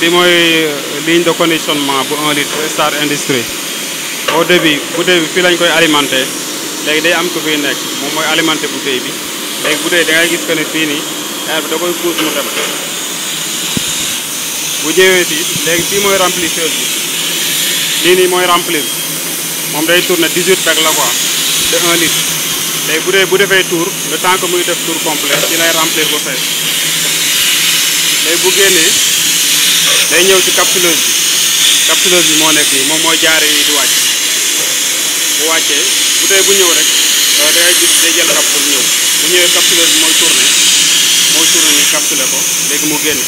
bi mooy ligne de conditionnement bu 1 litre Star Industrie au début bouteille bi fi lañ koy alimenter léegi day am ko ku nek nekk moy alimenter bu bouteille bi bu bouteille da nga gis que ne fii nii air bi da koy pousse mu dem bu ñëwee ci léegi fi moy remplisseur bi lii ni moy remplir mom day tourner 18 beeg la quoi de 1 litre léegi bu dee bu defee tour le temps que muy def tour complet dina remplir bu fees léegi bu génnee. day ñëw ci capsuleuse bi capsuleuse bi moo nekk nii moom mooy jaare yi di wàcc bu wàccee bu bu ñëw rek euh, day gis day jël cap pour ñëw bu ñëwee bi mooy tourné mooy tourné ni capsule ko léegi mu génn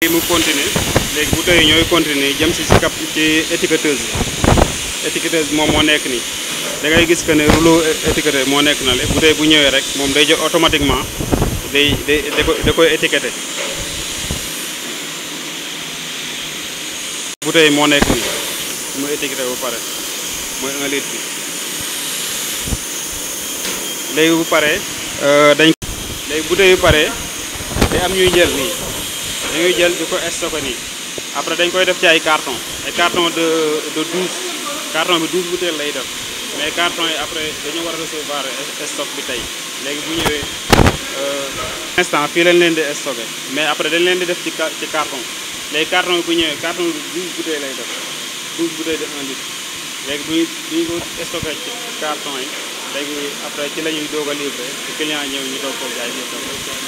léegi mu continuer léegi bu tey ñooy continuer jëm si si cap ci étiquetteuse bi étiquetteuse bi moom moo nekk nii da ngay gis que ne rouleau étiqueté moo nekk na le bu bu ñëwee rek moom day jël automatiquement day day da koy étiqueté bouteille moo nekk nii mu étiqueté bu pare mooy un litre bi léegi bu pare euh, dañ léegi bouteille bu pare day am ñuy jël nii dañuy jël di ko stocké nii après dañ koy def ci ay carton ay carton de de douze carton bi douze bouteilles lay def mais carton yi après dañu war a recevoir stock bi tey léegi bu ñëwee euh, instant fii lañ leen di stocké mais après dañ leen di def ci ci carton léegi carton bi bu ñëwee carton bi douze bouteilles lay def douze bouteilles def un litre bu ñu bu ñu ko stocké ci carton yi léegi après ci la ñuy doog a livré client ñëw ñu doog ko jaay